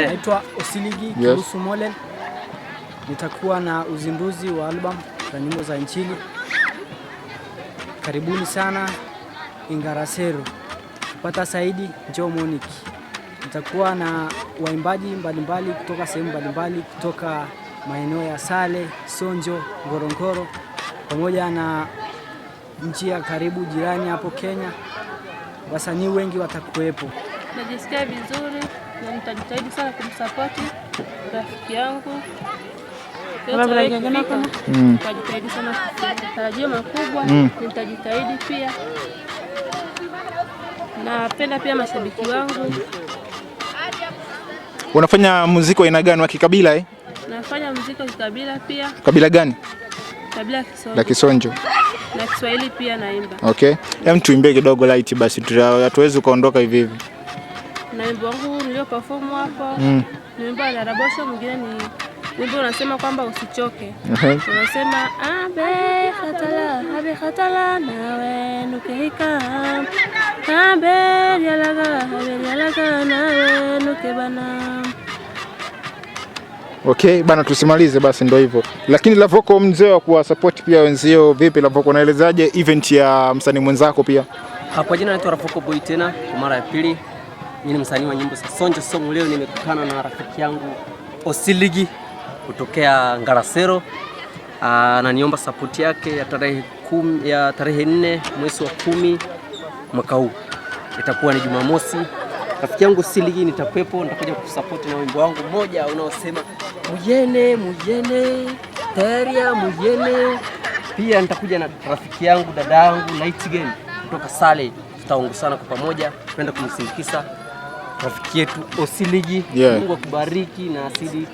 Naitwa Osiligi Kibusu Molel. Nitakuwa na uzinduzi wa album za nyimbo za Injili. Karibuni sana Ingarasero. Pata saidi Joe Monique. Nitakuwa na waimbaji mbalimbali kutoka sehemu mbalimbali kutoka maeneo ya Sale, Sonjo, Ngorongoro pamoja na nchi ya karibu jirani hapo Kenya. Wasanii wengi watakuwepo. Najisikia vizuri na nitajitahidi sana kumsapoti rafiki yangu nitajitahidi mm. sana tarajio makubwa, mm. nitajitahidi pia. Napenda pia mashabiki wangu. Unafanya muziki wa aina gani, wa kikabila eh? Nafanya muziki wa kikabila pia. Kabila gani? Kabila la Kisonjo na Kiswahili pia naimba. Okay, em tuimbie kidogo light basi, hatuwezi ukaondoka hivi hivi na wimbo wangu nilio perform hapo mm. ni wimbo Darabosho, mwingine ni wimbo unasema kwamba usichoke unasema abe khatala abe khatala nawe nukeika abe yalaga abe yalaga nawe nukebana Okay, bana tusimalize basi ndo hivyo. Lakini Lavoko mzee wa support pia wenzio vipi Lavoko, naelezaje event ya msanii mwenzako pia? Ah, kwa jina naitwa Lavoko Boy tena kwa mara ya pili. Mimi ni msanii wa nyimbo za Sonjo Song. Leo nimekutana na rafiki yangu Osiligi kutokea Ngarasero, ah, ananiomba sapoti yake ya tarehe kumi, ya tarehe nne mwezi wa kumi mwaka huu itakuwa ni Jumamosi. Rafiki yangu Osiligi, nitakwepo, nitakuja kusapoti na wimbo wangu mmoja unaosema muyene muyene teria muyene. Pia nitakuja na rafiki yangu dada yangu Night Game kutoka Sale, tutaongozana kwa pamoja, tunaenda kumsindikiza rafiki yetu Osiligi yeah. Mungu akubariki na asidi